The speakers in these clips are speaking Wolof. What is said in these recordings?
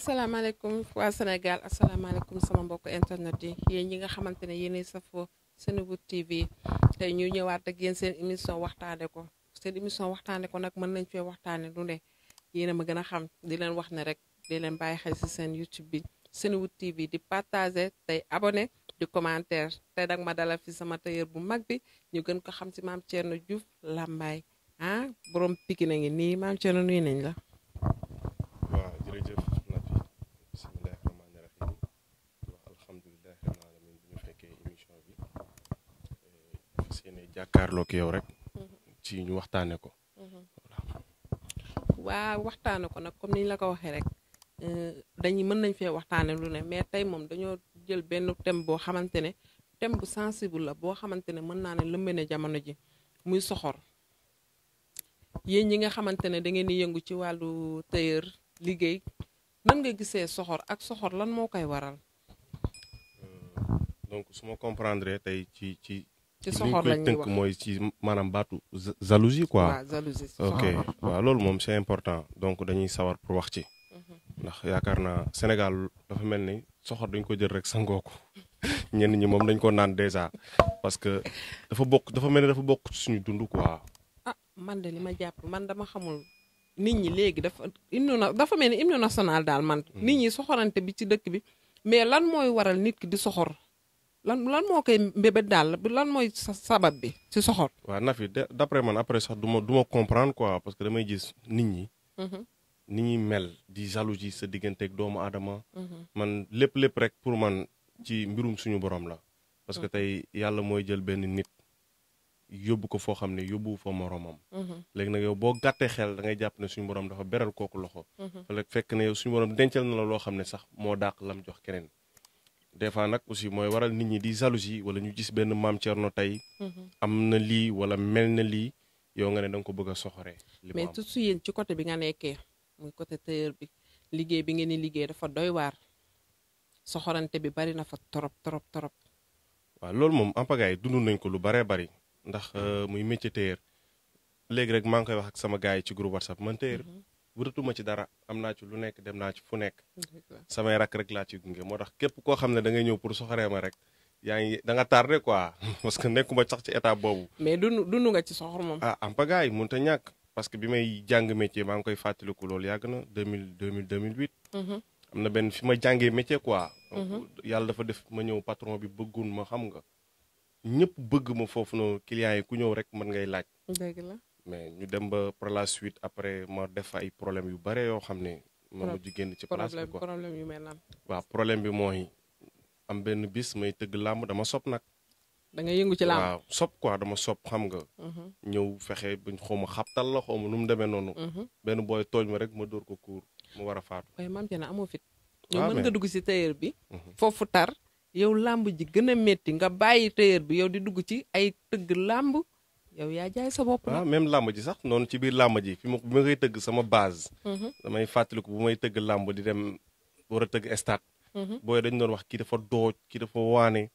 asalaamaaleykum waa Sénégal asalaamaaleykum sama mbokk internet yi yéen ñi nga xamante ne yéenay safoo Senewood TV tey ñuy ñëwaat ak yéen seen émission waxtaane ko seen émission waxtaane ko nag mën nañ fee waxtaane lu ne yéen a gën a xam di leen wax ne rek di leen bàyyi xel si seen YouTube bi Senewood TV di partager tey abonné di commentaire te nag ma dala fi sama tailleur bu mag bi ñu gën ko xam si maam Thierno Diouf Lambaye ah borom Pikine a ngi nii maam Thierno nuyu nañ la. jàkkaarloo ak yow rek. ci ñu waxtaanee ko. waaw waxtaane ko nag comme ni la ko waxee rek eh, dañu mën nañ fee waxtaane lu ne mais tey moom dañoo jël benn thème boo xamante ne thème bu sensible la boo xamante ne mën naa ne lëmbe ne jamono ji muy soxor yéen yi nga xamante ne da ngeen di yëngu ci wàllu tailleur liggéey nan nga gisee soxor ak soxor lan moo koy waral euh, donc su ma comprendre tey ci ci ci soxor lañ koy tënk mooy ci maanaam baatu jalousie quoi. waaw waaw loolu moom c'est important donc dañuy sawar pour wax ci. Mhm. ndax yaakaar naa Sénégal dafa mel ni soxor dañ ko jël rek sangoo ko ñenn ñi moom dañ ko naan déjà parce que dafa bokk dafa mel ni dafa bokk suñu dund quoi. ah man de li ma jàpp man dama xamul nit ñi léegi dafa hymne dafa mel ni hymne national daal man. Mm. nit ñi soxorante bi ci dëkk bi mais lan mooy waral nit ki di soxor. lan lan moo koy mbébét daal lan mooy sabab bi si soxor. waaw Nafi d'après man après sax du ma du ma comprendre quoi que damay gis nit ñi. Mhm. ni ñuy mel di jalousie sa digganteeg doomu aadama. Mhm. man lépp lépp rek pour man ci mbirum suñu borom la. parce que mhm. tey yàlla mooy jël benn nit yóbbu ko foo xam ne yóbbu fa moromam. léegi nag yow boo gàttee xel da ngay jàpp ne suñu borom dafa beral kooku loxo. fekk na yow suñu borom dencal na la loo xam ne sax moo dàq lam jox keneen. des fois nag aussi mooy waral nit ñi di jalousie wala ñu gis benn maam Thierno tey. Mhm. am na lii wala mel na lii yow nga ne danga nga ko bëgg a soxoree. mais surtout yéen ci côté bi nga nekkee muy côté tailleur bi liggéey bi ngeen ni liggéey dafa doy waar soxorante bi bari na fa trop trop trop. waaw loolu moom en yi dund nañ ko lu baree bari ndax euh, muy métier tailleur léegi rek maa ngi koy wax ak sama gars yi ci groupe whatsapp man tailleur wututuma ci dara am naa ci lu nekk dem na ci fu nekk. samay rak rek laa ci gunge moo tax képp koo xam ne da ngay ñëw pour soxoree ma rek. yaa ngi da nga tardé quoi parce que nekkuma sax ci état boobu. mais dund dund nga ci soxor moom. ah a ñàkk parce que bi may jàng métier maa ngi koy fàttaliku loolu yàgg na 2000 2000 2008. am na benn fi ma jàngee métier quoi. Mm-hmm. yàlla dafa def ma ñëw patron bi bëggoon ma xam nga. ñëpp bëgg ma foofu noonu client yi ku ñëw rek mën ngay laaj. mais ñu dem ba par la suite après ma def ay problème yu bare yoo xam ne. ma mujj ci place bi ko problème yu mel nan. waaw problème bi mooy am benn bis may tëgg làmb dama sob nag. dangay yëngu ci làmb waaw sopp dama sopp xam nga. Mhm. ñëw fexe buñ xaw ma xabtal la xaw ma nu mu demee noonu. Mhm. benn booy tooñ ma rek ma dóor ko kuur mu war a faatu. waaye maam Diena amoo fit. Ah, yow mën nga dugg si tailleur bi. Mhm. foofu tar yow làmb ji gën a métti nga bàyyi tailleur bi yow di dugg ci ay tëgg làmb. yow yaa jaay sa bopp ah même làmb ji sax noonu ci biir làmb ji fi ma bi ma koy tëgg sama base. Mhm. damay fàttaliku bu may tëgg làmb di dem war a tëgg stade. Mhm. booy dañu doon wax kii dafa dooj kii dafa waane.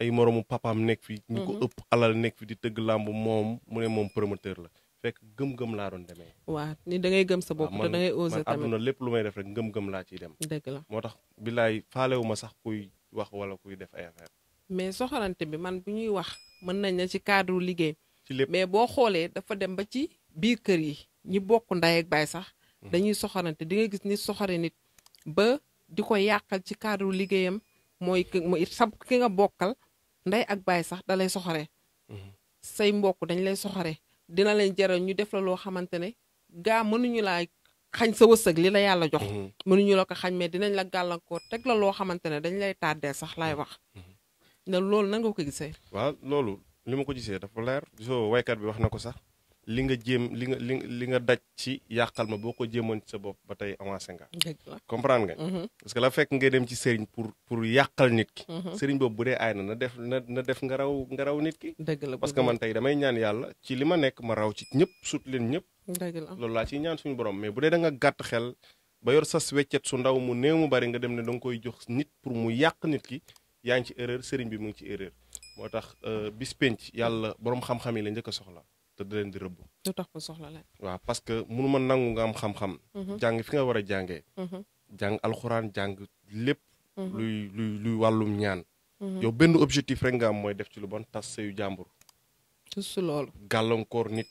ay moroomu papaam nekk fi. ñu ko mhm. ëpp alal nekk fi di tëgg làmb moom mu ne moom promoteur la fekk gëm-gëm laa doon demee. waaw ni da ngay gëm sa bopp ah, te da ngay osé tamit man àdduna lépp lu may def rek ngëm-ngëm laa ciy dem. dëgg la moo tax billaay faalewu ma sax kuy wax wala kuy def ay mais soxorante bi man bu ñuy wax mën nañ la ci cadre liggéey ci lépp mais boo xoolee dafa dem ba ci biir kër yi ñi bokk ndey ak baay sax. Hmm. dañuy soxorante di nga gis ni soxore nit ba di ko yàqal ci cadre liggéeyam mooy mooy sab ki nga bokkal ndey ak baay sax dalay lay soxore hmm. say mbokk dañ lay soxore dina leen jaral ñu def la loo xamante ne gaa mënuñu laa xañ sa wërsëg li la yàlla jox. Hmm. mënuñu la ko xañ mais dinañ la gàllankoor teg la loo xamante ne dañ lay tàddee sax lay wax. na loolu nan ko gisee. loolu li ma ko gisee dafa leer joo waykat bi wax na ko sax li nga jéem li nga li nga daj ci yàqal ma boo ko jéemoon ci sa bopp ba tey avancé nga comprendre nga mm-hmm. parce que la fekk ngay dem ci sëriñ pour pour yàqal nit ki mm-hmm. sëriñ boobu bu dee aay na na def na na def nga raw nga raw nit ki parce que man tey damay ñaan yàlla ci li ma nekk ma raw ci ñëpp sut leen ñëpp loolu laa ciy ñaan suñu borom mais bu dee da nga gàtt xel ba yor sas weccet su ndaw mu néew mu bari nga dem ne da koy jox nit pour mu yàq nit ki yaa ci erreur sëriñ bi mu ngi ci erreur moo tax euh, bis penc yàlla boroom xam-xam yi la njëkk soxla te da leen di rëbb. lu tax mu soxla la. waaw parce que mënu ma nangu nga am xam-xam. Mhm. jàng fi nga war a jànge mhm. jàng alxuraan jàng lépp. Mhm. luy luy wàllum ñaan. yow benn objectif rek nga am mooy def ci lu bon tas sëyu jàmbur. su loolu. gàllankoor nit.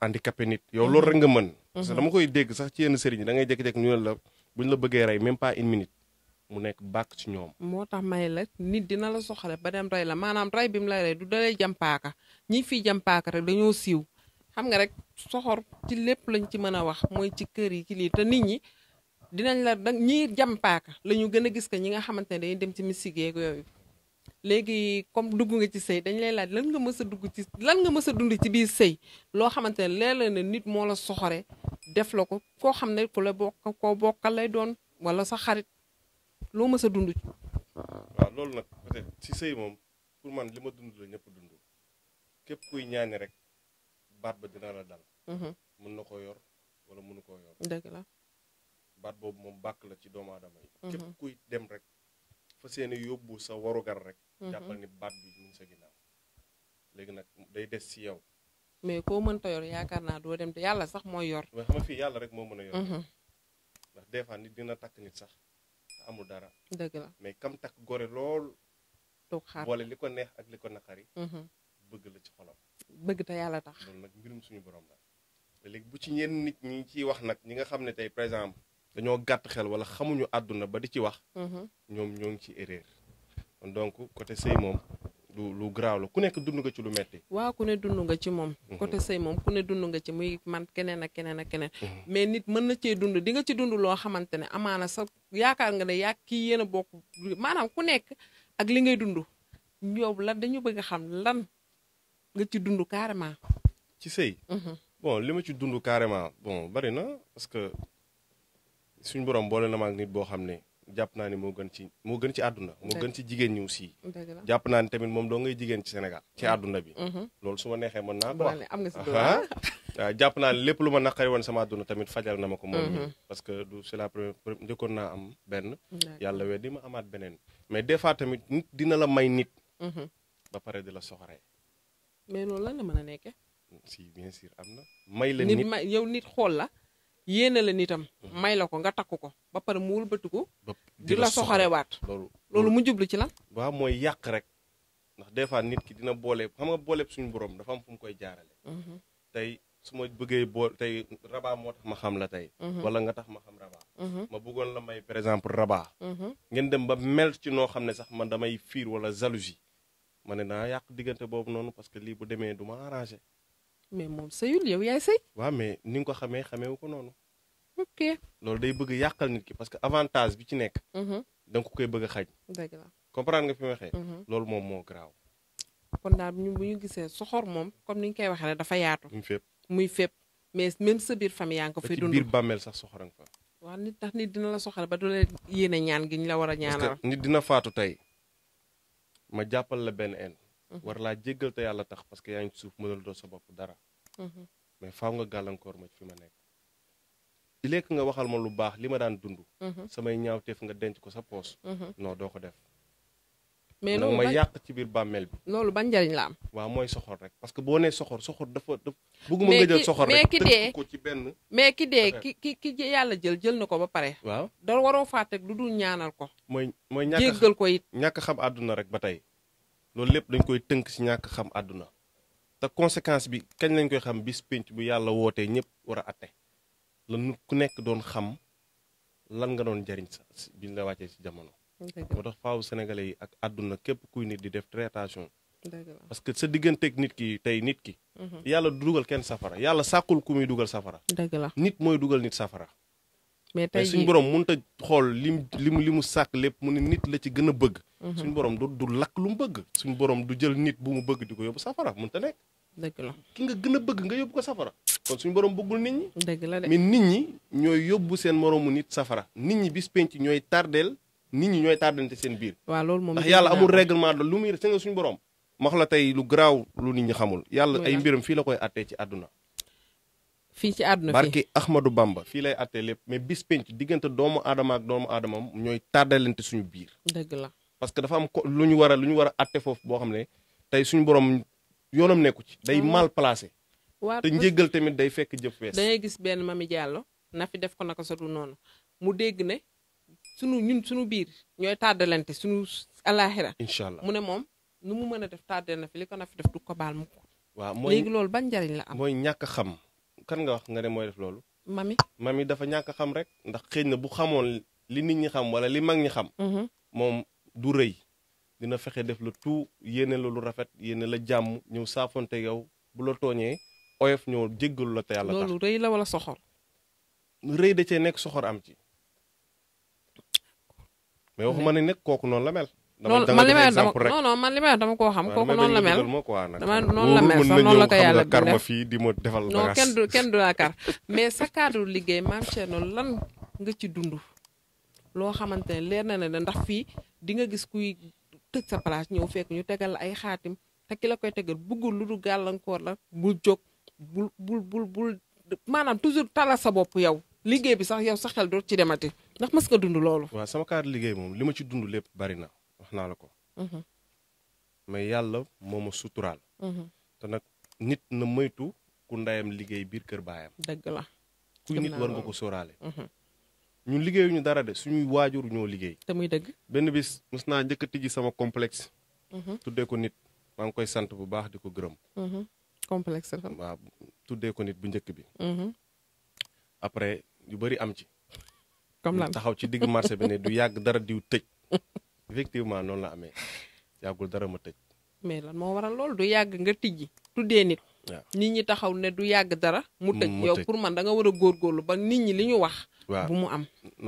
handicapé nit yow loolu rek nga mën. parce que dama koy dégg sax ci yenn sëriñ da ngay jékki-jékki ñu ne la buñ la bëggee rey même pas une minute. mu nekk bàkk ci ñoom. moo tax may la nit dina la soxale ba dem rey la maanaam rey bi mu lay rey du dalay jàmpaaka ñi fiy jàmpaaka rek dañoo siiw xam nga rek soxor ci lépp lañ ci mën a wax mooy ci kër yi ci lii te nit ñi dinañ la da ñii jàmpaaka la ñu gën a gis que ñi nga xamante ne dañuy dem ci mystique yeeg yooyu. léegi comme dugg nga ci sëy dañ lay laaj lan nga mës a dugg ci lan nga mës a dund ci biir sëy loo xamante ne léeg-léeg ne nit moo la soxore def la ko loo mës a dund. waaw loolu nag peut-être si sëy moom pour man li ma dund la ñëpp dund képp kuy ñaani rek baat ba dina la dal. Mhm. mën na koo yor wala mënu koo yor. dëgg la baat boobu moom bàkk la ci doomu adama yi. Mhm. képp kuy dem rek fa seeni yóbbu sa warugar rek. Mhm. jàppal ni baat bi mu sa ginnaaw léegi nag day des si yow. mais koo mënta yor yaakaar naa doo dem te yàlla sax mooy yor. waaye xam nga yàlla rek moo mën a yor. ndax des fois nit dina takk nit sax. amul dara. dëgg la mais kam takk gore lool. toog xaar boole li ko neex ak li ko naqari. Mhm. bëgg la ci xolam. bëgg te yàlla tax loolu nag mbirum suñu borom la. léegi bu ci ñenn nit ñi ciy wax nag ñi nga xam ne tey par exemple dañoo gàtt xel wala xamuñu àdduna ba di ci wax. Mhm. ñoom ñoo ngi ci erreur. donc côté sëy moom. lu lu graaw la ku nekk dund nga ci lu metti waaw ku ne dund nga ci moom mhm. côté sëy moom ku ne dund nga ci muy man keneen ak keneen ak keneen mhm. mais nit mën na cee dund di nga ci dund loo xamante ne amaana sa yaakaar nga ne yaa kii yéen a bokk maanaam ku nekk ak li ngay dund yow lan dañu bëgg xam lan nga ci dund carrément ci sëy mhm. li ma ci dund carrément bon bari na parce que suñ borom boole na ma ak nit boo xam ne jàpp naa ni moo gën ci moo gën ci àdduna moo gën ci jigéen ñi aussi jàpp naa ni tamit moom doo ngay jigéen ci Sénégal ci mm-hmm. àdduna bi mm-hmm. loolu su ma neexee mën naa ko am nga si waaw ah? ah, jàpp naa ni lépp lu ma naqari woon sama àdduna tamit fajal na ko moom mi mm-hmm. parce que du c'est la première njëkkoon naa am benn yàlla weddi ma amaat beneen mais des fois tamit dina la may nit ba pare di la soxoree mais loolu la mën a nekkee si bien am na may la nit yow nit xool la yéene la nitam may la ko nga takk ko ba pare mu ko di la soxorewaat loolu loolu mu jublu ci lan waaw mooy yàq rek ndax des fois nit ki dina boole xam nga boole suñu borom dafa am fu mu koy jaarale mhm. tey su ma bëggee boo tey rabaa moo tax ma xam la tey mhm. wala nga tax ma xam rabaa mhm. ma bëggoon la may par exemple rabaa ngeen dem ba mel ci noo xam ne sax man damay fiir wala jalousie ma ne naa yàq diggante boobu noonu parce que lii bu demee du ma arrangé mais moom sëyul yow yaay sëy waaw mais ni nga ko xamee xamee ko noonu ok loolu day bëgg yàqal nit ki parce que avantage bi ci nekk. Mhm. da nga koy bëgg a xaj. dëgg la comprendre nga fi ma waxee. Mhm. loolu moom moo garaaw. kon daal ñun bu ñu gisee soxor moom comme ni ñu koy waxee dafa yaatu. muy fépp muy fépp mais même sa biir famille yaa ngi ko bàmmeel sax soxor nga fa. tax nit dina la soxal ba du la yéene ñaan gi ñu la war a ñaanal. nit dina faatu tey ma jàppal la benn en. Mhm. war laa jéggal te yàlla tax parce que yaa ngi ci suuf mënal doo sa bopp dara. mais faaw nga gàllankoor ma fi ma nekk. lekk nga waxal ma lu baax li ma daan dund. Mhm. samay ñaaw teef nga denc ko sa poos. Mhm. noo doo ko def. mais loolu ma yàq ci biir bàmmeel bi. loolu ban njariñ la am. waaw mooy soxor rek parce que boo nee soxor soxor dafa dafa. bëgguma nga jël soxor rek tënk ko ci benn. mais ki dee ki ki ki yàlla jël jël na ko ba pare. waaw da waroo fàtte lu dul ñaanal ko. mooy mooy ñàkk jéggal ko ñàkk xam àdduna rek ba tey loolu lépp dañ koy tënk si ñàkk xam àdduna te conséquence bi kañ lañ koy xam bis pénc bu yàlla wootee ñëpp war a atte la ku nekk doon xam lan nga doon jariñ sa bi la wàccee ci jamono. moo tax faaw sénégalais yi ak àdduna képp kuy nit di def traitation parce que sa digganteeg nit ki tey nit ki. Mhm. yàlla du dugal kenn safara yàlla sàkkul ku muy dugal safara. dëgg la nit mooy dugal nit safara. mais tey suñu borom mun a xool lim lim li mu sàkk lépp mu ne nit la ci gën a bëgg. Mhm. suñu borom du du lakk lu mu bëgg. suñu borom du jël nit bu mu bëgg di ko yóbbu safara mënut te nekk. ki nga gën a bëgg nga yóbbu safara. kon suñu borom bëggul nit ñi. dëgg la nit ñi ñooy yóbbu seen moroomu nit safara. nit ñi bis penc ñooy tardeel nit ñi ñooy tardante seen biir. waaw loolu moom ndax yàlla amul règlement lu muy seen suñu borom. max la tey lu garaaw lu nit ñi xamul. yàlla ay mbiram fii la koy attee ci àdduna. fii ci àdduna barki Ahmadou Bamba fii lay attee lépp mais bis penc diggante doomu aadama ak doomu aadama ñooy tardalante suñu biir. dëgg la parce que dafa am ko lu ñu war a lu ñu war a atte foofu boo xam ne tey suñu borom yoonam nekku ci. day mm. mal placé. te njéggal tamit day fekk jëf wees da ngay gis benn Mamy Diallo na fi def ko naka sa noonu mu dégg ne sunu ñun sunu biir ñooy tàddalante sunu alaaxira incha allah mu ne moom nu mu mën a def tàddal na fi li ko na fi def du ko baal mu ko waaw mooy léegi loolu ban njariñ la am mooy ñàkk xam kan nga wax nga ne mooy def loolu mami mami dafa ñàkk xam rek ndax xëy na bu xamoon li nit ñi xam wala li mag ñi xam mm-hmm. moom du rëy dina fexe def la tout yéene la rafet yéene la jàmm ñëw saafonte yow bu la tooñee oyof ñoo jéggalu la te yàlla tax loolu rëy la da cee nekk soxor am ci. mais waxuma ne nag kooku noonu la mel. dama dama dama exemple rek non non man li may dama koo xam kooku noonu la mel. dama noonu la mel sax noonu la ko yàlla bi def fii ma kenn du kar mais sa cadre liggéey maam Thierno lan nga ci dund. loo xamante ne leer na ne ndax fii di nga gis kuy tëj sa place ñëw fekk ñu tegal la ay xaatim te ki koy tegal bëggul lu du gàllankoor la bu jóg bul bul bul bul maanaam toujours tala sa bopp yow liggéey bi sax yow sa xel doo ci demati ndax mas nga dund loolu. waaw sama kaar liggéey moom li ma ci dund lépp bari na wax naa la ko. Mhm. mais yàlla moo ma suturaal. Mhm. te nag nit na moytu ku ndayam liggéey biir kër baayam. dëgg la kuy nit war nga ko sóoraale. Mhm. ñun liggéeyuñu dara de suñuy waajur ñoo liggéey. te muy dëgg. benn bi mos naa njëkk a tijji sama complexe. tuddee ko nit maa ngi koy sant bu baax di ko gërëm. complexe la waaw tuddee ko nit bu njëkk bi. Mhm. après yu bëri am ci. comme lan taxaw ci digg marché bi ne du yàgg dara diw tëj. effectivement noonu la amee yàggul dara ma tëj. mais lan moo waral loolu du yàgg nga tijji tuddee nit. waaw nit ñi taxaw ne du yàgg dara. mu tëj yow pour man da nga war a góorgóorlu ba nit ñi li ñu wax. waaw bu mu am.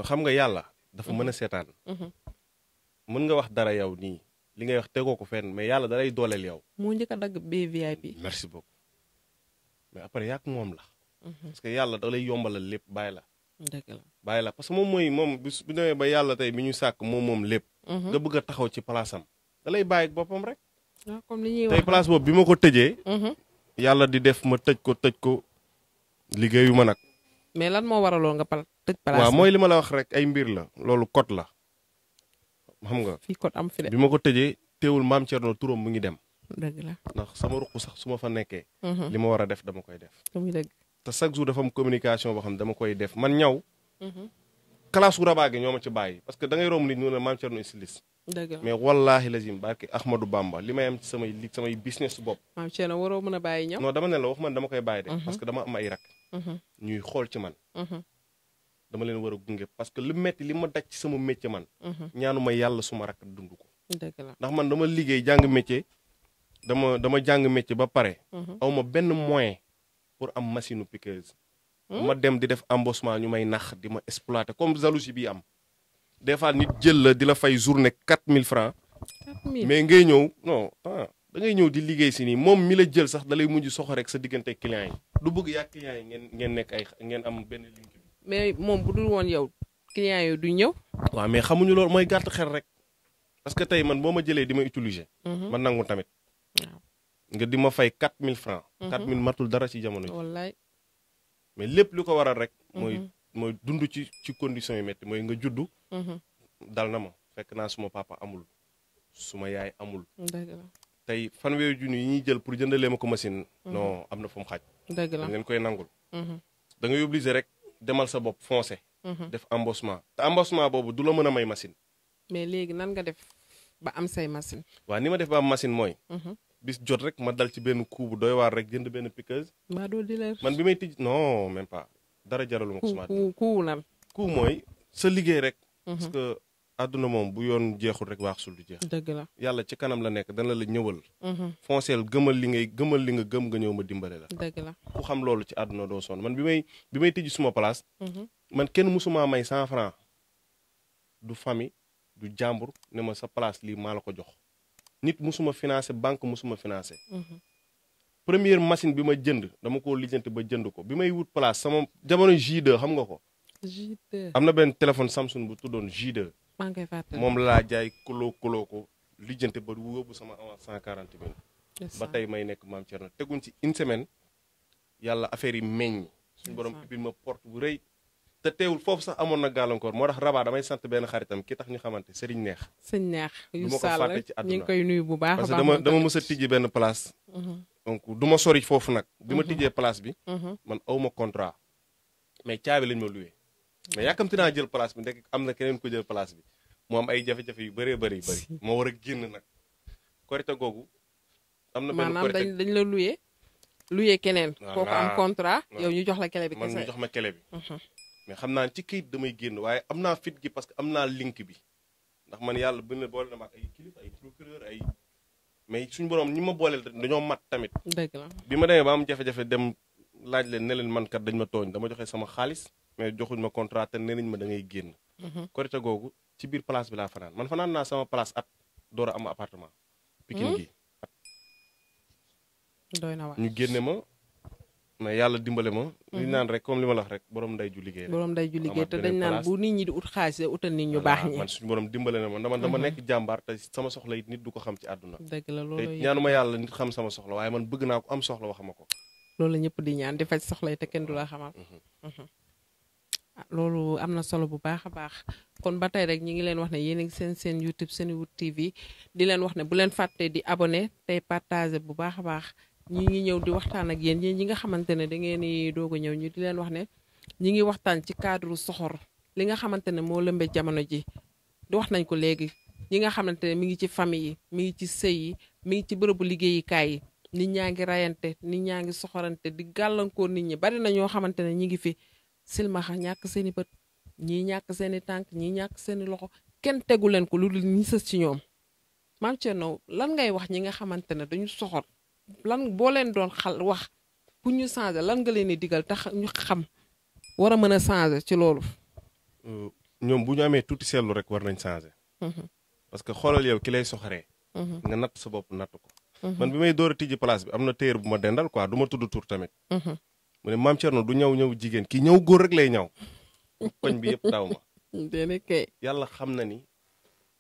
xam nga yàlla dafa mhm. mën a seetaan. Mhm. mën nga wax dara yow nii li ngay wax tegoo ko fenn mais yàlla da lay dooleel yow. moo njëkk a dagg bee VIP. merci beaucoup. mais après yàq moom la. Mhm. parce que yàlla da lay yombalal lépp bàyyi la. dëgg la bàyyi la parce que moom mooy moom bu demee ba yàlla tey bi ñu sàkk moom moom lépp. Mhm. nga bëgg a taxaw ci place am. da lay bàyyi boppam rek. Ah, tey place boobu bi ma ko tëjee. Mhm. yàlla di def ma tëj ko tëj ko liggéeyu ma nag. mais lan moo waraloon nga pal tëj place waaw mooy li ma la wax rek ay mbir la loolu code la. xam nga fii code am fi de bi ma ko tëjee teewul maam Thierno turam mu ngi dem. ndax sama ruq sax su ma fa nekkee. Mhm. li ma war a def dama koy def. te chaque jour dafa am communication boo xam ne dama koy def man ñaw. Mhm. classe wu rabaa gi ñoo ma ci bàyyi parce que da ngay romb nit ñu ne a mhm. dama am ay rak. ñuy xool ci man. dama leen war a gunge parce que lu metti li ma daj ci sama métier man. ñaanu ma yàlla suma rak dund ko. ndax man dama liggéey jàng métier. dama dama jàng métier ba pare. Mhm. aw ma benn moyen pour am machine piqueuse. Hmm? ma dem di def embossement ñu may nax di ma exploiter comme jalousie bi am. des fois nit jël la di la fay jour journée quatre mille francs. mais ngay ñëw non ah, dangay ñëw di liggéey si nii moom mi la jël sax da lay mujj soxo rek sa diggante client yi. du bëgg yaa client yi ngeen ngeen nekk ay ngeen am benn link mais moom bu dul woon yow client yi du ñëw. waa mais xamuñu loolu mooy gàtt xel rek. parce que tey man boo ma jëlee di ma utiliser. Mhm. ma nangu nga di ma fay 4000 francs 4000 mhm. matul dara ci jamono ji. wallaay mais lépp lu ko waral rek. Mhm. mooy mooy dund ci ci conditions yu métti mooy nga juddu. Mhm. dal na ma fekk naa suma papa amul suma yaay amul. tey fanweeri junni yi ñuy jël pour jëndalee ma ko machine. non am na fu mu xaaj. dëgg la dañ koy nangul. da ngay rek demal sa bopp foncé. def embossement te embossement boobu du la mën a may machine. mais léegi nan nga def. ba am say machine waaw ni ma def ba am machine mooy. Mhm. bis jot rek ma dal ci benn coup bu doy waar rek jënd benn piqueuse. maa doo di leer man bi may tij non même pas dara jaraluma ko. sumaat ku ku ku mooy sa rek. Mhm. bu yoon jeexul rek waax sul du jeex. dëgg la yàlla ci kanam la nekk dana la ñëwal. Mhm. fonceel gëmal li ngay gëmal li nga gëm nga ñëw ma dimbale la. dëgg la ku xam loolu ci àdduna doo sonn man bi may bi may tijji suma place. man kenn mësuma may cent franc du famille. du jàmbur ne ma sa place lii maa la ko jox nit musuma financé banque musuma financé mhm. première machine bi ma jënd dama ko lijjante ba jënd ko bi may wut place sama jamono j xam nga ko am na benn téléphone Samsung bu tuddoon J2 moom laa jaay kuloo kuloo ko lijjanti ba wóobu sama avance cent quarante mille ba tey may nekk maam Thierno teguñ ci une semaine yàlla affaire yi meññ suñu borom ubbil ma porte bu rëy te teewul foofu sax amoon na gàllankoor moo tax rabaa damay sant benn xaritam ki tax ñu xamante sëriñ neex. sëriñ neex yu sàll ñu ngi koy nuyu bu baax parce que dama dama mës a tijji benn place. Mhm. donc du ma sori foofu nag. bi ma mhm. tijjee place bi. Mhm. man aw ma contrat. mais caabi lañ ma luwee. mais yàkkamti naa jël place bi ndek am na keneen ko bi mu am ay jafe yu bëree bëri yu moo war a génn nag. korite googu. am na benn korite maanaam dañ dañ la luwee. luwee keneen. kooku am contrat. yow ñu jox la kele bi kese man ñu jox ma kele bi. mais xam naa ci kayit damay génn waaye am naa fit gi parce que am naa link bi ndax man yàlla bu ne boole na ma ak ay kilifa ay procureur ay mais suñu borom ñi ma booleel dañoo mat tamit. bi ma demee ba am jafe-jafe dem laaj leen ne leen man kat dañ ma tooñ dama joxe sama xaalis mais joxuñ ma contrat te nee ma da ngay génn. Mhm. korite googu ci biir place bi laa fanaan man fanaan naa sama place at door a am appartement. pikin mhm. gi. ñu génne ma. mais yàlla dimbale ma. Mhm. li naan rek comme li ma la wax rek borom nday ju liggéey. borom nday ju liggéey te dañ naan bu nit ñi di ut xaalis la utal nit ñu baax ñi. man ma mhm. la loolu te ñaanuma yàlla nit xam sama soxla waaye man bëgg naa ko am soxla waxama ko. loolu la di ñaan di faj soxla te kenn du la xamal. Mhm. Ah, loolu am na solo bu baax a baax kon ba tey rek ñi ngi leen wax ne yéen a ngi seen seen YouTube TV di leen wax ne bu leen fàtte di abonné tey partager bu baax a baax ñi ngi ñëw di waxtaan ak yéen ñi nga xamante ne da ngeen di doog a ñëw ñu di leen wax ne ñi ngi waxtaan ci cadre soxor li nga xamante ne moo lembee jamono ji di wax nañ ko léegi ñi nga xamante ne mi ngi ci famille yi mi ngi ci sëy yi mi ngi ci bërëbu liggéeyukaay yi nit ñaa ngi rayante nit ñaa ngi soxorante di gàllankoor nit ñi bari na ñoo xamante ne ñi ngi fi silmaxa ñàkk seen i bët ñii ñàkk seen i tànk ñii ñàkk seen i loxo kenn tegu leen ko lu dul ñi sës ci ñoom maam Thierno lan ngay wax ñi nga xamante ne dañu soxor lan boo leen doon xal wax pour ñu changer lan nga leen di digal tax ñu xam war a mën a changer ci loolu. Euh, ñoom bu ñu amee tuuti seetlu rek war nañ changer. Mhm. parce que xoolal yow ki lay soxaree. Mhm. nga natt sa bopp natt ko. Mhm. man bi may door a tijji place bi am na téer bu ma dendal quoi du ma tudd tuur tamit. mu ne maam Thierno du ñaw ñaw jigéen ki ñaw góor rek lay ñaw. koñ bi yëpp daw ma. yàlla xam na ni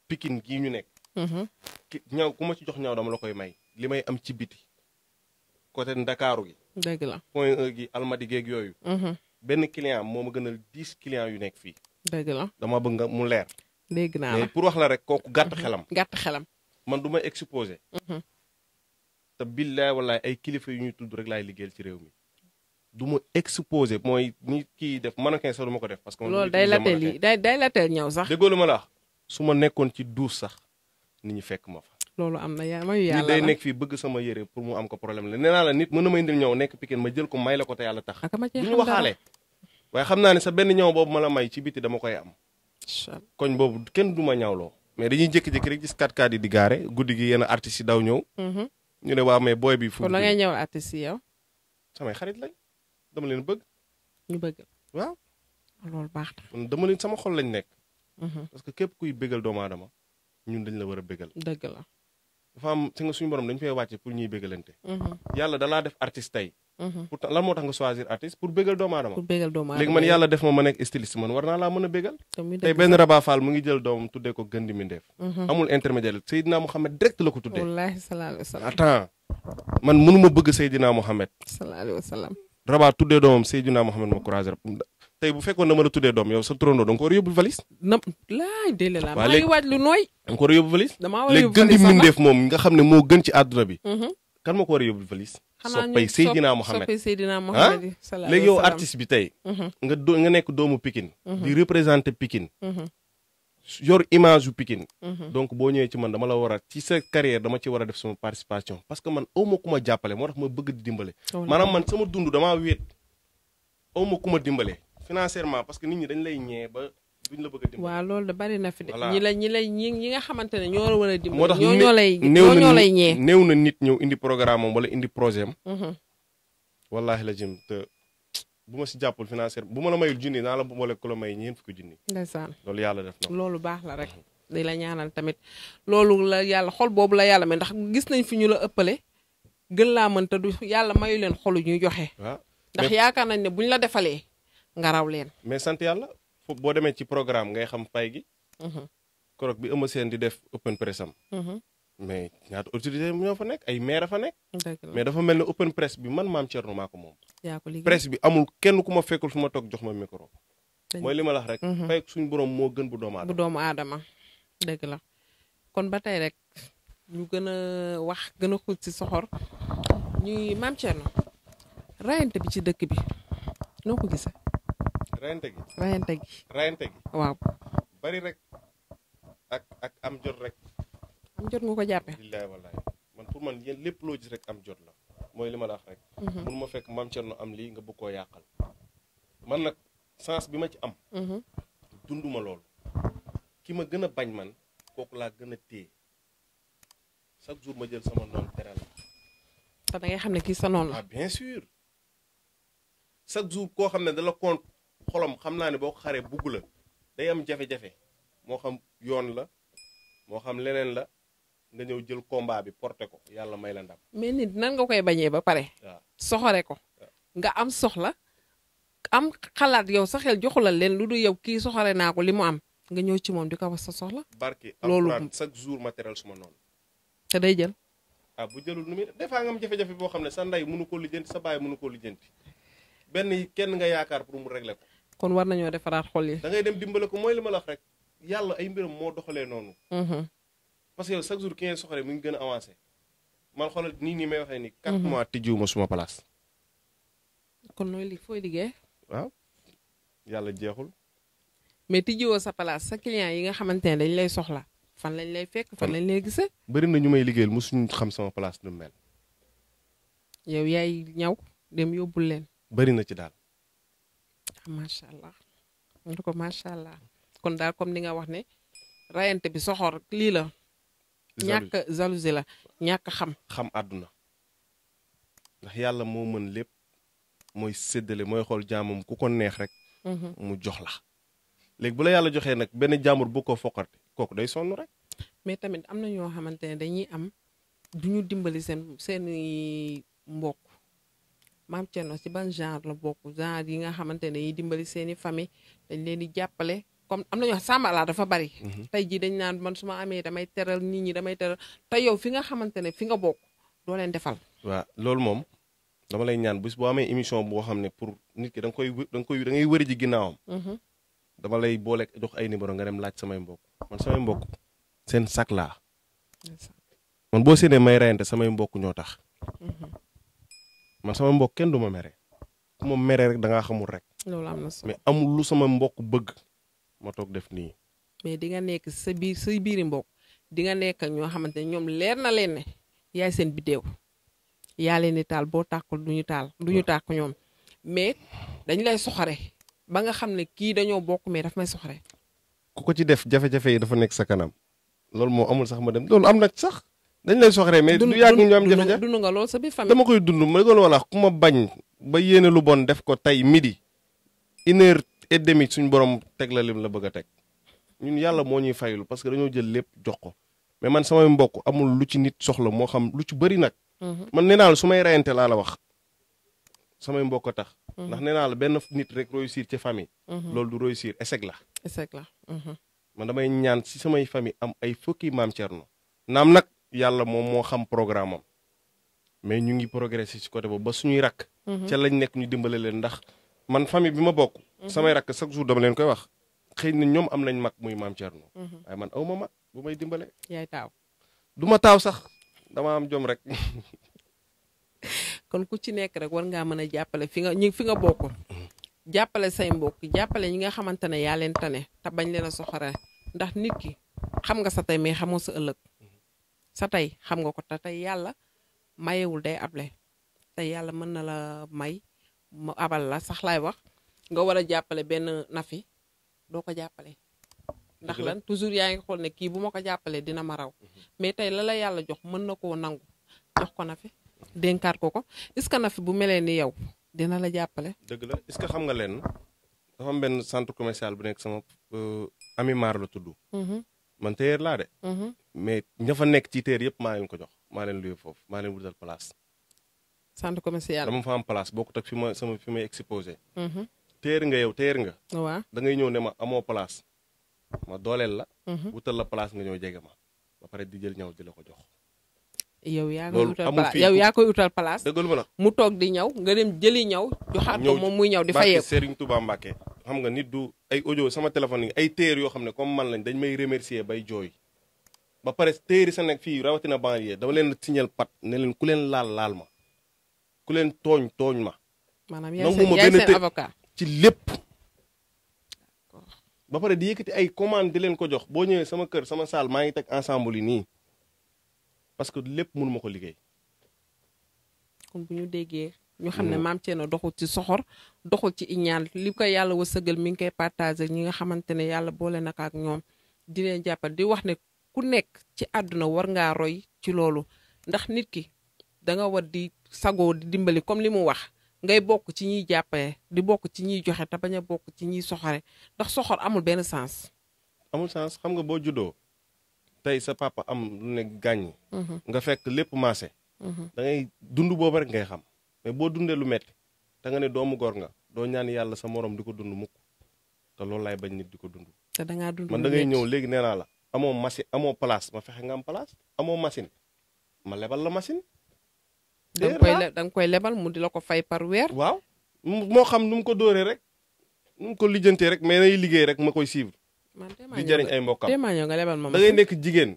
pikin kii ñu nekk. ki ñaw ku ma ci jox ñaw dama la koy may li may am ci biti. côté Ndakaaru gi. dëgg la point 1 gi almadi geeg yooyu. Mhm. benn client moo ma gënal dix clients yu nekk fii. dëgg la dama bëgg nga mu leer. dégg naa la pour wax la rek kooku gàtt xelam. Mhm. gàtt xelam. man du ma exposé. Mhm. te billaay wallaay ay kilifa yu ñuy tudd rek laay liggéeyal ci réew mi. du ma exposé mooy ni kii def mannequin sax du ma ko def. parce que loolu day lateel day day lateel ñëw sax. déggoo lu ma la su ma nekkoon ci douze sax nit ñi fekk ma fa. loolu am na yaa mayu yàlla la nekk fii bëgg sama yére pour mu am ko problème la nee naa la nit mën na may indil ñëw nekk Pikine ma jël ko may la ko te yàlla tax ah, du waxaale waaye xam naa ne sa benn ñëw boobu ma la may ci biti dama koy am koñ boobu kenn du ma ñawloo mais dañuy jëkk jékki rek gis 4 x yi di gaare guddi gi yenn artistes yi daw ñëw mm-hmm. ñu ne waa may booy bi fu kon la ngay ñëw artistes yi yow samay xarit lañ dama leen bëgg ñu bëgg waaw ah, loolu baax na dama leen sama xol lañ nekk mm-hmm. parce que képp kuy bégal doomu aadama ñun dañ la war a bégal la dafa am si nga suñu borom dañu pour ñuy bégalante. Mm-hmm. yàlla da def artiste tey. Mm-hmm. pourtant moo tax nga choisir artiste pour bégal doomu léegi man yàlla def ma ma nekk styliste man war naa laa mën a bégal. tey benn Raba Fall mu ngi jël doomam tuddee ko gën di mindeef. Mm-hmm. amul intermédiaire Seydina Mohamed direct la ko tuddee. wallaahi man mënuma bëgg Seydina Mohamed. salaahu alayhi wa doomam Seydina Mohamed ma courage tey bu fekkoon na mën a tuddee doom yow sa turandoo da nga war a yóbbu valise. na laay déedéet la maa ngi waaj lu nooy. da nga a a xam ne moo gën ci àdduna bi. Mhm. kan ma ko war a valise. soppay Seydina ah? Mohamed léegi yow artiste bi tey. Mhm. nga doomu Pikine. Mhm. di représenté Pikine. yor image yu Pikine. donc boo ñëwee ci man dama la war a ci sa carrière dama ci war a def sama participation parce que man aw jàppale moo tax ma bëgg di dimbale. maanaam man sama dund financièrement parce que nit ñi dañ lay ñee ba duñ la bëgg a dimbali. waaw loolu de bari na fi ñi la ñi lay ñi ñi nga xamante ne ñoo war a dimbali. moo tax ñoo lay ñoo lay ñee néew na nit ñëw indi programme am wala indi projet am. Mhm. wallaahi la jëm te bu ma si jàppul financière bu ma la mayul junni naa la boole ku la may ñeent fukki junni. ndeysaan loolu yàlla def na loolu baax la rek. Mhm. di la ñaanal tamit loolu la yàlla xol boobu la yàlla ma ndax gis nañ fi ñu la ëppale gën laa mën te du yàlla mayu leen xolu ñu joxe. Ah, ndax yaakaar nañ ne buñ la defalee nga raw leen. mais sant yàlla foofu boo demee ci programme ngay xam fay gi. Mhm. korok bi Eumeu Sène di def open press am. Mhm. mais ñaata autorité ñoo fa nekk ay maire fa nekk. mais dafa mel ne open press bi man maam Thierno maa amul kenn ku ma fekkul fu ma toog jox ma micro. mooy li ma la wax rek. Mhm. fay suñu borom moo gën bu doomu aadama bu doomu aadama dëgg la kon ba tey rek ñu gën a wax gën a si soxor ñuy maam Thierno rayante bi ci dëkk bi noo ko gisee. rayante gi rayante gi rayante gi waaw bari rek ak ak am jot rek am jot nga ko jàppe man pour man yéen lépp loo gis rek am jot la mooy li ma la wax rek mhm. mun ma fekk maam Cerno am lii nga bëgg koo yàqal man nag sens bi ma ci am mhm. dunduma loolu ki ma gën a bañ man kooku laa gën a téye chaque jour ma jël sama noonu teral te da xam ne kii sa noonu la ah, bien sûr chaque jour koo xam ne dala compte xolam xam naa ne boo ko xaree bugg la day am jafe-jafe moo xam yoon la moo xam leneen la nga ñëw jël kombaa bi porté ko yàlla may la ndam. mais nii nan nga koy bañee ba pare. waaw soxore ko. nga am soxla am xalaat yow sa xel joxu leen lu du yow kii soxore naa ko li mu am nga ñëw ci moom di ko wax sa soxla. barke loolu chaque jour matériel suma noonu. te day jël. ah jëlul nu muy des fois nga am jafe-jafe boo xam ne sa ndey mënu koo lijjanti sa baay mënu ko lijjanti benn kenn nga yaakaar pour mu régler ko. kon war nañoo defaraat xol yi. da dem dimbale ko mooy li ma la wax rek yàlla ay mbiram moo doxalee noonu. Mm-hmm. parce que chaque jour ki ngeen soxalee mu ngi gën a avancé man xoolal nii nii may waxee nii. 4 mm-hmm. mois tijjiwuma suma place. kon nooy li fooy liggéey. waaw yàlla jeexul. mais tijjiwoo sa place sa client yi nga xamante ne dañ lay soxla fan lañ lay fekk fan lañ lay gisee. bëri na ñu may liggéeyal mosuñu xam sama place du mel. yow yaay ñaw dem yóbbul leen. bëri na ci daal. macha allah ñu ko macha allah kon daal comme ni nga wax ne rayante bi soxor lii la. ñàkk jalousie la ñàkk xam. xam àdduna ndax yàlla moo mën lépp mooy séddale mooy xool jaamam ku ko neex rek. Mhm. mu jox la. léegi bu la yàlla joxee nag benn jaamur bu ko foqati kooku day sonn rek. mais tamit am na ñoo xamante ne dañuy am du ñu dimbali seen seen mbokk maam Thierno ci ban genre la bokk genre yi nga xamante ne dañuy dimbali seeni famille dañ leen di jàppale comme am na ñoo sàmmalaa dafa bari. Mhm. tey jii dañ naan man su ma amee damay teral nit ñi damay teral te yow fi nga xamante ne fi nga bokk doo leen defal. waaw loolu moom dama lay ñaan bis boo amee émission boo xam ne pour nit ki da koy da nga koy da ngay wëri ji ginnaawam. Mhm. dama lay boole jox ay numéro nga dem laaj samay mbokk man samay mbokk seen sac laa. man boo séenee may reyante samay mbokk ñoo tax. Mhm. man sama mbokk kenn du ma mere ku ma mere rek da ngaa xamul rek. loolu am na solo mais amul lu sama mbokk bëgg ma toog def nii. mais di nga nekk sa biir biir i mbokk di nga nekk ak ñoo xamante ne ñoom leer na leen ne yaay seen biddéew yaa leen di taal boo tàkkul du ñu taal du ñu tàkk ñoom mais dañ lay soxare ba nga xam ne kii dañoo bokk mais daf may soxare ku ko ci def jafe-jafe yi dafa nekk sa kanam loolu moo amul sax ma dem loolu am na sax dañ lay soxre mais du yàgg ñu am jafe-jafe dund nga lool sa biir famille dama koy dund ma doon wax ku ma bañ ba yéene lu bon def ko tey midi une heure et demie suñu borom teg la la bëgg a teg ñun yàlla moo ñuy fayul parce que dañoo jël lépp jox ko mais man samay mbokk amul lu ci nit soxla moo xam lu ci bëri nag. Mhm. man nee naa la su may reyante laa la wax samay mbokk a tax. Mhm. ndax nee naa la benn nit rek réussir ci famille. Mhm. loolu du réussir échec la. échec la. man damay ñaan si samay famille am ay fukki maam Thierno naam yàlla moom moo xam programme mais ñu ngi progressé ci côté boobu ba suñuy rakk. Mhm. ca lañ nekk ñu dimbale leen ndax man famille bi ma bokk. Mhm. samay rakk chaque jour dama leen koy wax. xëy na ñoom am nañ mag muy maam Thierno. Mhm. waaye man aw ma mag bu may dimbale. yaay taaw du ma taaw sax dama am jom rek. kon ku ci nekk rek war ngaa mën a jàppale fi nga ñi fi nga bokk. jàppale say mbokk jàppale ñi nga xamante ne yaa leen tane te bañ leen a soxore ndax nit ki xam nga sa tey mais xamoo sa tey xam nga ko ta tey yàlla mayewul day able tey yàlla mën na la may mu abal la sax laay wax nga war a jàppale benn nafi doo ko jàppale ndax lan toujours yaa ngi xool ne kii bu ma ko jàppalee dina ma raw mhm. mais tey la la yàlla jox mën na koo nangu jox ko nafi dénkaat ko ko est-ce que nafi bu melee ni yow dina la jàppale dëgg la est-ce que xam nga leen dafa am benn centre commercial bu nekk sama euh, ami maar la tudd mhm. man téyeer laa de. Mhm. mais ña fa nekk ci téer yëpp maa leen ko jox maa leen luy foofu maa leen wutal place. centre commercial dama fa am place bokkut ak fi ma sama fi may exposé. Mhm. téer nga yow téer nga. waaw ñëw ne ma amoo place ma dooleel la. Mhm. wutal la place nga ñëw jege ma ba pare di jël ñaw di la ko jox. yow yaa ngi utal place yow yaa koy utal place dëggal ma la mu toog di ñaw nga dem jëli ñaw joxaat ko moom muy ñaw di fa yeeku Serigne Touba xam nga nit du ay sama téléphone yi ay téer yoo xam ne comme man lañ dañ may remercier bay jooy ba pare téeri sa nekk fii rawatina banlieue dama leen signal pat ne leen ku leen laal laal ma ku leen tooñ tooñ ma maanaam yaay seen avocat ci lépp ba pare di yëkkati ay commande di leen ko jox boo ñëwee sama kër sama saal maa ngi teg ensemble yi nii parce que lépp mënu ma ko liggéey. kon bu ñu déggee. ñu xam ne mm. maam Thierno doxul ci soxor doxul ci iñaan li ko yàlla wërsëgal mi ngi koy partagé ñi nga xamante ne yàlla boole na ak ñoom dina jàppale di wax ne ku nekk ci àdduna war ngaa roy ci loolu ndax nit ki da war di sagoo di dimbali comme li mu wax ngay bokk ci ñiy jàppale di bokk ci ñiy joxe te bañ a bokk ci ñiy soxore ndax soxor amul benn sens. amul sens xam nga boo juddoo tey sa papa am lu ne gàññi mhm. nga fekk lépp maase mhm. da ngay dund boobu rek ngay xam mais boo dundee lu metti te nga ne doomu góor nga doo ñaan yàlla sa moroom di ko dund mukk te loolu laay bañ nit di ko dund te da dund man da ngay ñëw léegi nee naa la amoo machine amoo place ma fexe nga am place amoo machine ma lebal la machine danga koy lebal mu di la ko fay par weer waaw moo xam nu mu ko dooree rek nu ko lijjantee rek mais nay liggéey rek ma koy suivre di jëriñ ay mbokkam da ngay nekk jigéen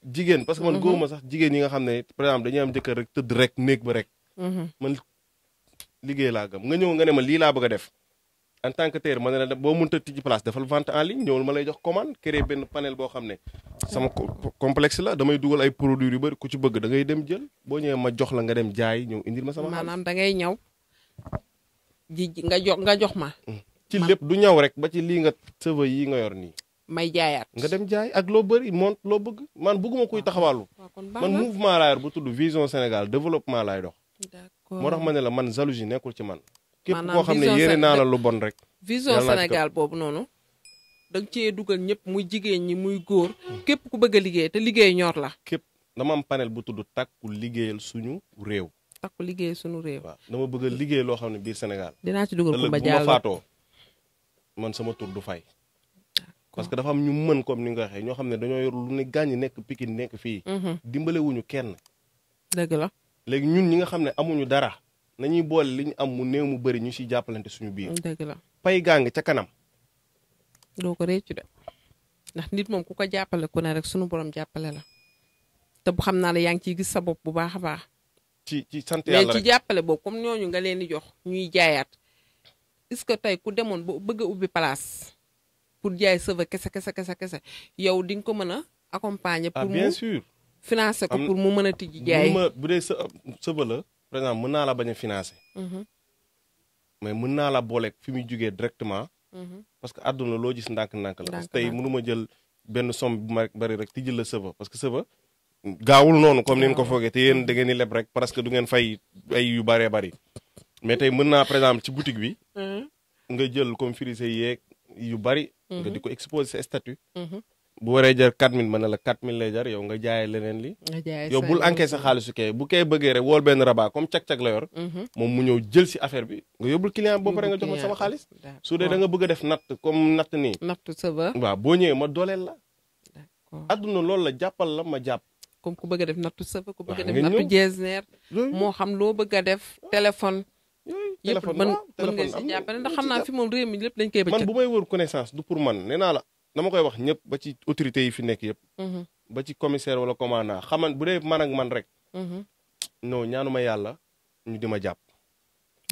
jigéen parce que man mhm. góoma sax jigéen yi nga xam ne par exemple dañuy am jëkkër rek tëdd rek néeg ba rek mhm. man liggéey laa gëm nga ñëw nga ne ma lii laa bëgg def en tant que terre ma ne la boo mënta tijji place defal vente en ligne ñëwul ma lay jox commande créer benn panel boo xam ne sama complexe la damay dugal ay produit yu bëri ku ci bëgg dangay dem jël boo ñëwee ma jox la nga dem jaay ñëw indi ma sama maanaam da ngay ñëw ji nga jox nga jox ma mm. ci lépp du ñaw rek ba ci lii nga cheveux yi nga yor nii. may jaayaat nga dem jaay ak loo bëri moon loo bëgg man bëgguma kuy taxawaalu. man mouvement laa bu tudd vision Sénégal développement laay dox. moo tax ma ne la man jalousie nekkul ci man. képp koo xam ne yére naa la lu bon rek. vision Sénégal boobu noonu. danga nga cee dugal ñëpp muy jigéen ñi muy góor. képp ku bëgg a liggéey te liggéey ñor la. képp dama am panel bu tudd takku liggéeyal suñu réew. takku liggéeyal suñu réew. waaw dama bëgg liggéey loo xam ne biir Sénégal. dinaa ci dugal Kumba Diallo bu ma man sama tur du fay. parce que dafa am ñu mën koom ni nga waxee ñoo xam ne dañoo yor lu ne gàññi nekk Pikine nekk fii. Mhm. dimbalewuñu kenn. dëgg la léegi ñun ñi nga xam ne amuñu dara nañuy boole li ñu am mu néew mu bari ñu siy jàppalante suñu biir. dëgg la pay ngi ca kanam. doo ko réccu de ndax nit moom ku ko jàppale ku ne rek suñu borom jàppale la te bu xam naa ne yaa ngi ciy gis sa bopp bu baax a baax. ci ci sant yàlla rek ci jàppale boobu comme ñooñu nga leen di jox ñuy jaayaat. est-ce que tey ku demoon ba bëgg a ubbi place pour jaay sëva kese kese kese kese yow di nga ko mën a accompagner. Ah, pour mu financer ko pour mu mën a tijji jaay. bu dee sëva la par exemple mën naa la bañ a financer. Mhm. mais mun naa la booleeg fi mu jógee directement. Mhm. parce que àdduna loo gis ndànk-ndànk la. parce que tey mënu ma jël benn somme bu ma bari rek tijji la sëva parce que sëva gaawul noonu comme ni ko foogee te yéen da ngeen di leb rek parce que du ngeen fay ay yu baree bari. mais tey mën naa par exemple si boutique bi. Mm-hmm. nga jël comme frisé yeeg yu bari. Mm-hmm. nga di ko exposer sa statut. Mm-hmm. bu waree jar 4000 mën na la 4000 lay jar yow nga jaayee leneen li. yow bul encaissé sa xaalisu kay bu kay bëggee rek wool benn rabat comme cag-cag la yor. moom mu ñëw jël si affaire bi nga yóbbul client boo pare nga jox ma sama xaalis. su dee nga bëgg a def natt comme natt nii. natt sa ba. boo ñëwee ma dooleel la. adduna loolu la jàppal la ma jàpp. comme ku bëgg a def nattu sëfa ku bëgg a def nattu jeesneer moo xam loo bëgg a def téléphone. téléphone man mën xam naa fi moom réew mi lépp dañ koy bëccëg man bu may wër connaissance du pour man nee naa la dama koy wax ñëpp ba ci autorité yi fi nekk yëpp mhm. ba ci commissaire wala commandant xaman bu dee man ak man rek mhm. non ñaanuma yàlla ñu di ma jàpp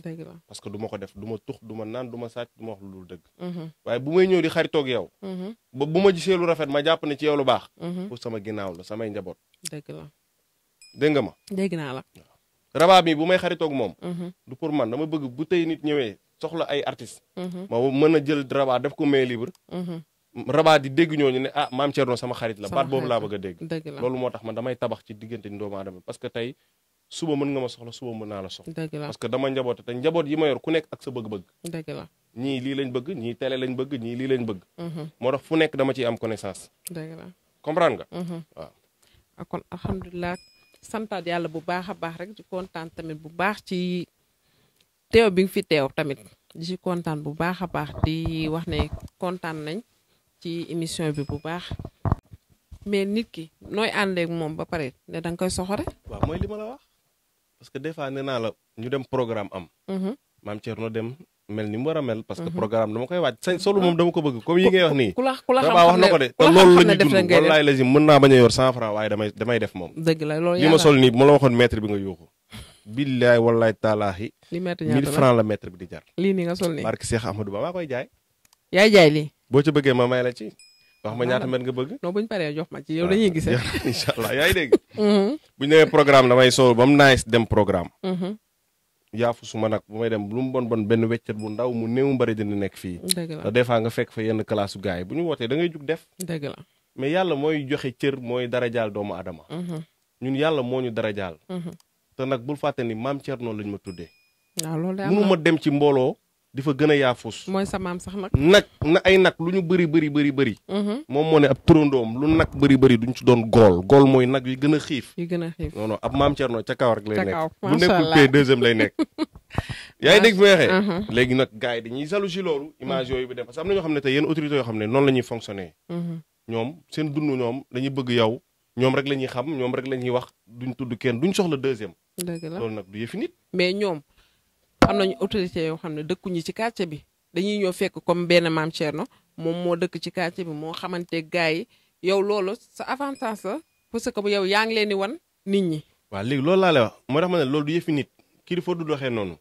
dëgg la parce que duma ko def du ma tux du ma naan du ma sàcc ma wax lu dul dëgg mhm. waaye bu may ñëw di xaritoog yow bu ma gisee lu rafet ma jàpp ne ci yow lu baax pour sama ginnaaw la samay njaboot dëgg la dégg nga ma dégg la Raba mi bu may xaritoog moom. Mhm. du pour man dama bëgg bu tey nit ñëwee soxla ay artistes. Mhm. ma mën a jël Raba def ko main libre. Mhm. Raba di dégg ñooñu ne ah maam Thierno sama xarit la. baat boobu laa bëgg a dégg. loolu moo tax man damay tabax ci diggante doomu aadama parce que tey suba mën nga ma soxla suba mën naa la soxla. parce que dama njaboot te njaboot yi ma yor ku nekk ak sa bëgg-bëgg. ñii lii lañ bëgg ñii télé lañ bëgg ñii lii lañ bëgg. moo tax santaat yàlla bu baax a baax rek di kontaan tamit bu baax ci teew bi nga fi teew tamit di ci kontaan bu baax a baax di wax ne kontaan nañ ci émission bi bu baax mais nit ki nooy àndeek moom ba pare ne da koy soxore waaw mooy li ma la wax parce que des fois nee naa la ñu dem programme am mhm. maam Thierno dem mel ni mu war a mel parce que mhm. programme dama koy waaj mhm. sañ solu moom dama ko bëgg comme yi ngay wax nii ku la ku la wax na ko de te loolu la ñuy ma sol nii mu la waxoon bi di jar lii nii nga may la ci wax ma ñaata mètre nga bëgg non buñu paree jox dañuy gisee incha allah yaay dégg mhm. buñu demee programme damay sol ba mu dem programme yaafu su ma nag bu may dem lu mu bon bon benn weccet bu ndaw mu néew mbari dina nekk fii te des fois nga fekk fa yenn classe gaay bu ñu wootee da ngay jug def dëgg la mais yàlla mooy joxe cër mooy darajaal doomu adama mm-hmm. ñun yàlla moo ñu darajaal mm-hmm. te nag bul fàtte ni maam Thierno lañ ma tuddee mënu dem ci mbooloo di fa gën a yaafus. mooy sa maam sax nag. nag na ay nag lu ñu bëri bëri bëri mm-hmm. moom moo ne ab turandoom lu nag bëri bëri duñ ci doon gool gool mooy nag yu gën a xiif. yu a xiif non non ab maam Thierno ca kaw rek lay nekk bu nekkul pay deuxième lay nekk. yaa ngi dégg fi waxee. Uh-huh. léegi nag gars dañuy salu loolu. image yooyu bi dem parce que am na ñoo xam ne tey yéen autorités yoo xam ne noonu la ñuy fonctionner. Mm-hmm. ñoom seen dund ñoom dañuy bëgg yow ñoom rek la ñuy xam ñoom rek la ñuy wax duñ tudd kenn duñ soxla la loolu nag am nañu autorité yoo xam ne dëkkuñu ci quartier bi dañuy ñëw fekk comme benn maam Thierno moom moo dëkk ci quartier bi moo xamante gars yi yow loolu sa avantage la parce que yow yaa ngi leen di wan nit ñi. waaw léegi loolu laa lay wax moo tax ma ne loolu du yëfi nit kilifa du doxee noonu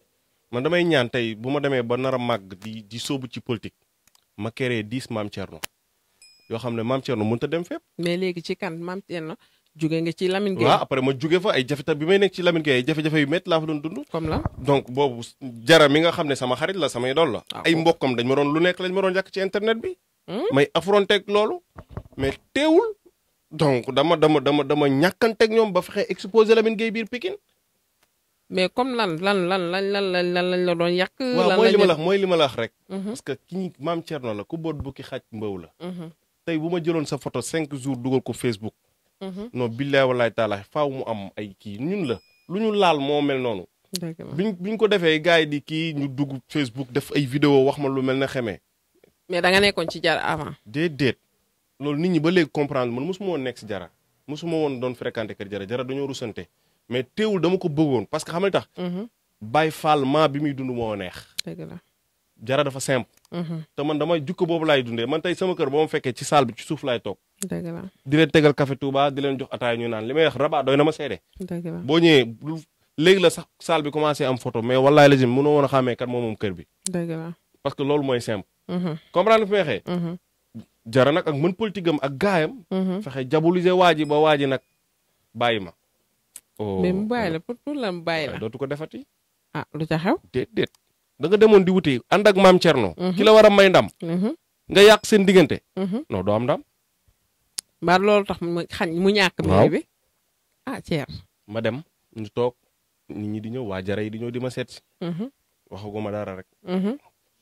man damay ñaan tey bu ma demee ba nar a màgg di di sóobu ci politique ma créé dix maam Thierno yoo xam ne maam Thierno mënut a dem fépp. mais léegi ci kan maam Thierno jóge nga ci Lamine Gueye. waaw après ma jóge fa ay jafe bi may nekk ci Lamine Gueye ay jafe-jafe yu métti laa fa doon dund. comme la donc boobu jara mi nga xam ne sama xarit la sama idole la. Ah, ay mbokkam dañ ma doon lu nekk lañ ma doon yàq ci internet bi. Hmm? may affronté ak loolu. mais teewul donc dama dama dama dama ñàkkanteeg ñoom ba fexe exposé Lamine Gueye biir Pikine. mais comme lan lan lan lan lan lan la doon yàq. lan mooy li ma la mooy li ma la wax rek. Mhm. parce que ki ñu maam Thierno la ku boot bukki xaj mbëw la. Mhm. tey bu ma jëloon sa photo cinq jours dugal ko Facebook. Mm-hmm. non billaay walaay taala faaw mu am ay kii ñun la lu ñu laal moo mel noonu. biñ biñ ko defee gars yi di kii ñu dugg Facebook def ay vidéo wax ma lu mel ne xamee. mais da nga nekkoon ci jar avant. déedéet loolu nit ñi ba léegi comprendre man mosuma woon nekk si jara mosuma woon doon fréquenté kër jara jara dañoo rusante mais teewul dama ko bëggoon parce que xam nga tax. Mm-hmm. bay bi muy dund moo neex. dëgg la jara dafa simple. Mm-hmm. te man damay jukko boobu laay dundee man tey sama dëgg la di leen tegal café Touba di jox ataay ñu naan li may doy na ma seede. la boo ñëwee léegi la sax salle bi commencé am photo mais wallaay la si mënoo woon a xàmmee kat moom moom kër bi. dëgg la parce que loolu mooy simple. Mhm. comprendre fi may xee. Mhm. jara nag ak mën politique am ak gaayam mhm. fexe jabolise waa ji ba waa ji nag ma. Oh. mais mu bàyyi la pour pour la mu bàyyi la ah, dootu ko defati. ah lu ca da nga demoon di wuti ànd ak maam Thierno. ki la war a may ndam. nga yàq seen diggante. non doo ndam. mbaa loolu tax mu xañ mu ñàkk. waaw bi ah ceer ma dem ñu toog nit ñi di ñëw waa jara yi di ñëw di ma seet si. Mhm. ma dara rek. Mhm.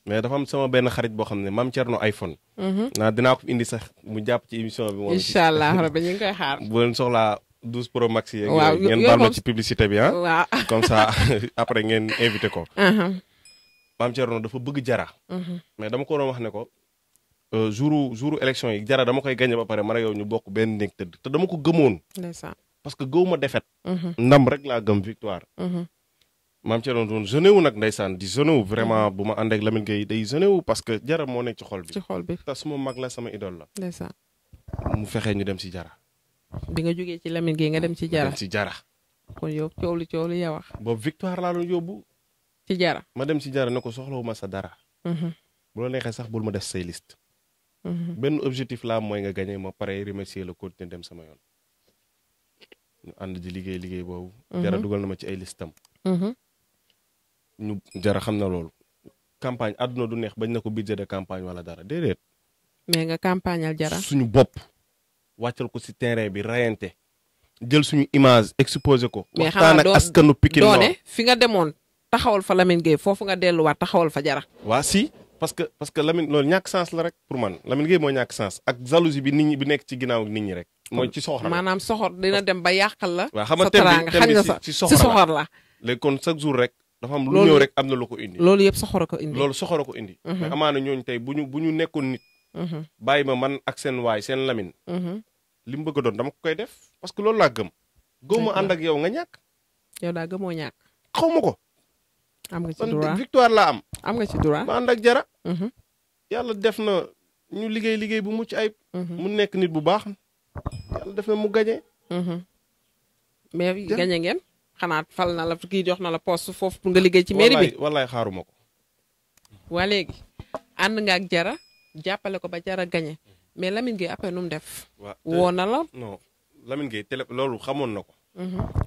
mais dafa am sama benn xarit boo xam ne maam Thierno iPhone. Mhm. naa dinaa ko indi sax mu jàpp ci émission bi. moom incha allah rabi ñu ngi koy xaar. bu leen max yeeg. waaw ngeen bi ah. waaw comme ça ngeen invité ko. dafa bëgg jara. mais dama ko wax ne ko. jour euh, jour élection yi jara dama koy gagné ba pare ma ne yow ñu bokk benn néeg tëdd te dama ko gëmoon. parce que gëwuma défaite. Mhm. ndam rek laa gëm victoire. Mhm. maam Thierno doon jeune wu nag saan di jeune wu vraiment mhm. bu ma ànd ak Lamine Gueye day jeune wu parce que jara moo nekk ci xol bi. ci xol ma mag la sama idole la. ndeysaan mu fexe ñu dem si jara. bi nga jógee ci Lamine Gueye nga dem ci jara dem ci jara. kon yow coow lu coow wax. boobu victoire laa doon yóbbu. ci jara ma dem si jara ne ko soxlawuma sa dara. bu la neexee sax ma def say liste. Mm-hmm. benn objectif laa mooy nga gagné ma pare remercier la continuer dem sama yoon. ñu ànd di liggéey liggéey boobu. Mm-hmm. jara dugal na ma ci ay listam mm-hmm. ñu jara xam na loolu. campagne àdduna du neex bañ na ko budget de campagne wala dara déedéet. mais nga campagnal jara. suñu bopp wàccal ko si terrain bi rayante jël suñu image exposé ko. waxtaan ak askanu Pikine doone fi nga demoon taxawal fa Lamine Gueye foofu nga delluwaat taxawal fa jara. waa si. parce que parce que la rek pour man Lamine Gueye mooy ñàkk sens ak jalousie bi nit ñi bi nekk ci ginnaaw nit ñi rek. mooy ci soxor la ko indi. loolu yëpp soxor a ko indi. loolu soxor a ko indi. Mhm. mais amaana ñooñu tey bu ñu bu ñu nekkoon nit. Mhm. bàyyi ma mhm. li mu bëgg a doon dama ko koy def parce que loolu laa gëm. gëw ma ànd ak yow nga ñàkk. yow daa gëmoo ñàkk. xaw ma ko. am nga ci droit victoire laa am. am nga ci ma ànd jara Mm-hmm. yàlla def na ñu liggéey liggéey bu mucc ay mm-hmm. mu nekk nit bu baax. yàlla def na mu gañe. Mm-hmm. mais gañe ngeen. xanaat fal na la kii jox na la poste foofu pour nga liggéey ci mairie bi wallaay xaaruma ko. waa léegi ànd nga ak jara jàppale ko ba jara gañe mais Lamine Gueye après nu mu def. woo na la. non Lamine Gueye télé loolu xamoon na ko.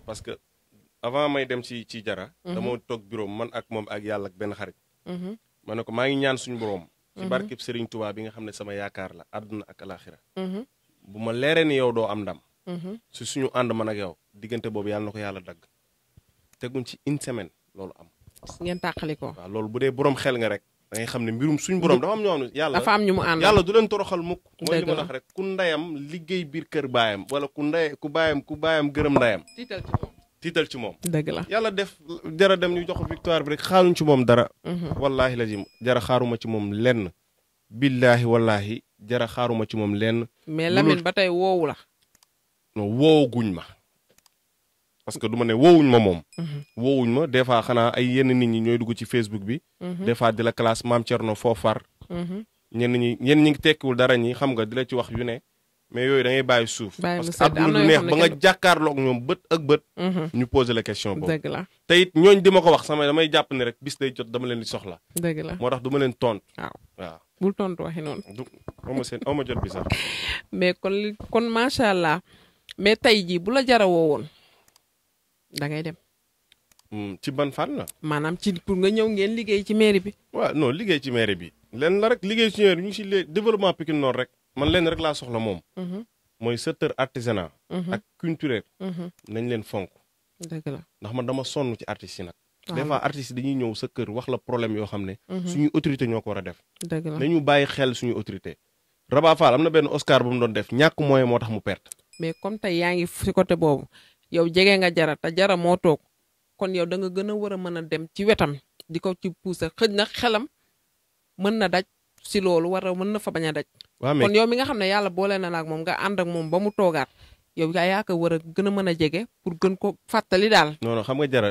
parce que avant may dem ci ci jara. dama toog bureau man ak moom ak yàlla ak benn xarit. ma ne ko maa ngi ñaan suñu borom. ci mhm. barkeb Serigne Touba bi nga xam ne sama yaakaar la àdduna ak alaaxira mhm. bu ma leeree ni yow doo am ndam. Mhm. si suñu ànd man ak yow diggante boobu yàlla na ko yàlla dagg. teguñ si une semaine loolu am. ngeen tàqali ko. waaw loolu bu dee borom xel nga rek. da xam ne mbirum suñu borom dafa am ñoo xam dafa am ñu mu ànd yàlla du leen toroxal mukk mooy li ma wax rek ku ndayam liggéey biir kër baayam wala ku nday ku baayam ku baayam gërëm ndayam. tiital tiital ci moom. dëgg la yàlla def jara dem ñu jox victoire bi rek xaaruñ ci moom dara. Mhm. wallaahi lazim jara xaaruma ci moom lenn. billaahi wallaahi jara xaaruma ci moom lenn. mais Lamine ba tey woowu la. non woowaguñ ma. parce que du ne woowuñ ma moom. Mhm. woowuñ ma des fois xanaa ay yenn nit ñi ñooy dugg ci Facebook bi. Mhm. des fois di la classe maam Thierno foofar. ñenn ñi ñenn ñi tekkiwul dara ñi xam nga di la ci wax yu ne. mais yooyu da ngay bàyyi suuf. parce que àdduna du neex ba nga jàkkaarloog ñoom bët ak bët. Mhm. ñu posé la question boobu. dëgg la te it ñooñu ko wax sama damay jàpp ne rek bis day jot dama leen di soxla. dëgg la moo tax du leen tontu. waaw tontu waxi noonu. du aw ma seen ma jot bi sax. mais kon kon macha allah mais tey jii bu la jarawoo woon da ngay dem. Hmm, ci ban fànn la. maanaam ci pour nga ñëw ngeen liggéey ci mairie bi. waaw non liggéey ci mairie bi. leen la rek liggéey ci mairie bi ñu ngi si développement Pikine Nord rek. man leen rek laa soxla moom. Mhm. mooy secteur artisanat. Mhm. ak culturel. Mhm. nañ leen fonk. dëgg ndax man dama sonn ci artistes yi nag. des fois dañuy ñëw sa kër wax la problème yoo xam ne. suñuy autorité ñoo ko war a def. dëgg la bàyyi xel suñuy autorité Raba am na benn Oscar bu mu doon def ñàkk moyen moo tax mu perte. mais comme tey yaa ngi si côté boobu yow jege nga jara te jara moo toog kon yow da nga gën a war a mën a dem ci wetam di ko ci pousser xëj na xelam mën na daj si loolu war mën na fa bañ a daj. waaw mais kon yow mi nga xam ne yàlla boole na naag moom nga ànd ak moom ba mu toogaat yow yaa ko war a gën a mën a jege pour gën ko fàttali daal. noonu xam nga jara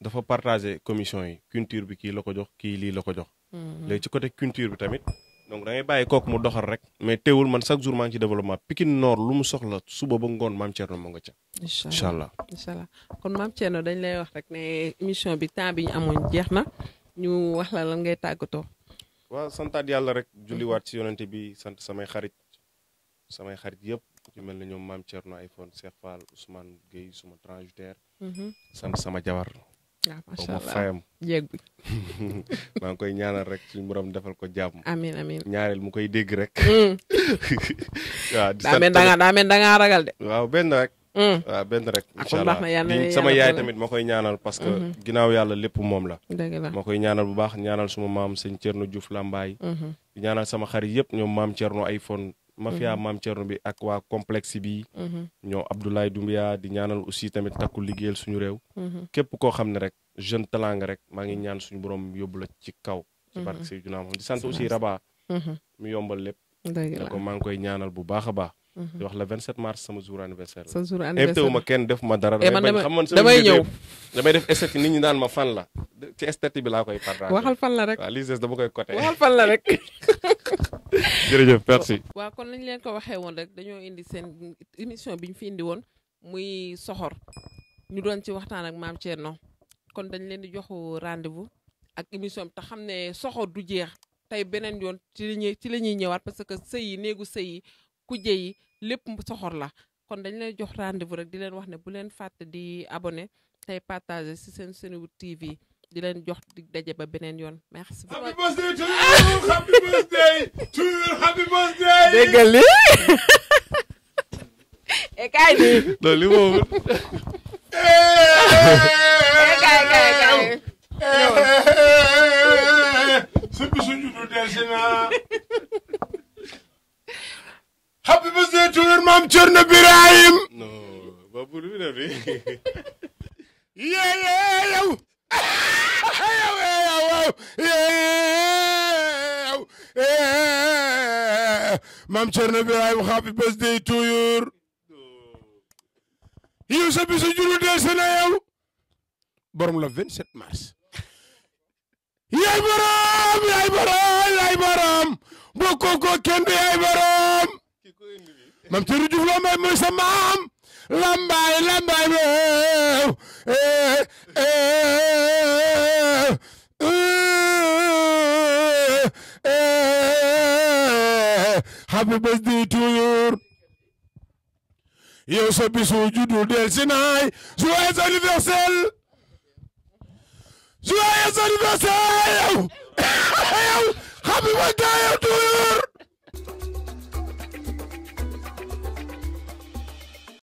dafa partager commission yi culture bi kii la ko jox kii lii la ko jox. Mm-hmm. léegi ci côté culture bi tamit. donc da ngay bàyyi kook mu doxal rek. mais teewul man chaque jour maa ngi ci développement Pikine Nord lu mu soxla suba ba ngoon maam Thierno moo nga ca. incha allah incha allah kon maam Thierno dañ lay wax rek ne émission bi temps bi ñu amoon jeex na ñu wax la ngay tàggatoo. waaw santaat yàlla rek julliwaat mhm. ci yonente bi sant samay xarit samay xarit yëpp ci mel ni ñoom maam Thierno iPhone Cheikh Fall Ousmane Gueye suma transitaire mhm. sant sama jawar waaw macha maa ngi koy ñaanal rek ci borom defal ko jàmm. amiin amiin ñaareel mu koy dégg rek. Mm. waaw di sant daa ragal de. rek. Mm. waaw benn rek incha allah sama yaay tamit ma koy ñaanal parce que mm-hmm. ginnaaw yàlla lépp moom la ma koy ñaanal bu baax ñaanal suma maam sëñ Thierno juf Lambaay mm-hmm. di ñaanal sama xarit yëpp ñoom maam Thierno iPhone mm-hmm. mafia maam Thierno bi ak waa complexe bi ñoom Abdoulaye Doumbia di ñaanal aussi tamit takkul liggéeyal suñu réew képp koo xam ne rek jeune talent nga rek maa ngi ñaan suñu borom yóbbu la ci kaw ci barke Seydina Muhammad di sant aussi Raba mu yombal lépp maa ngi koy ñaanal bu baax a baax di wax le 27 mars sama jour anniversaire sa jour anniversaire invité wu ma kenn def ma dara. damay bañ xam man damay ñëw damay def esthétique nit ñi naan ma fan la ci esthétique bi laa koy partagé. waxal fan la rek waaw lii dama koy coté. waxal fan la rek. jërëjëf merci. waaw kon lañ leen ko waxee woon rek dañoo indi seen émission bi ñu fi indi woon muy soxor ñu doon ci waxtaan ak maam Thierno kon dañ leen di joxu rendez-vous ak émission bi xam ne soxor du jeex tey beneen yoon ci la ñuy ci la ñuy ñëwaat parce que sëy yi néegu sëy kuje yi lépp soxor la kon dañ leen jox rendez rek di leen wax ne bu leen fàtte di abonné tey partagé ci seen Senewood TV di leen jox di daje ba beneen yoon merci happy birthday to you happy birthday to you happy birthday e kaay su bisu juddu desi toujours maam Cerno Birahim. non boobu lu mu def yee yee yow yow yow yow maam Cerno Birahim happy birthday to you. yow sa bisu juru dese na yow. borom la 27 mars. yaay borom yaay borom yaay borom bokkoo ko kenn du yaay borom. mam Thierno Diouf loo may mooy sa maam lambaay lambaay boobu eh, eh, eh. happy birthday to you yow sa bisu juddu del si naay joyeux anniversaire joyeux anniversaire yow yow happy birthday yow to you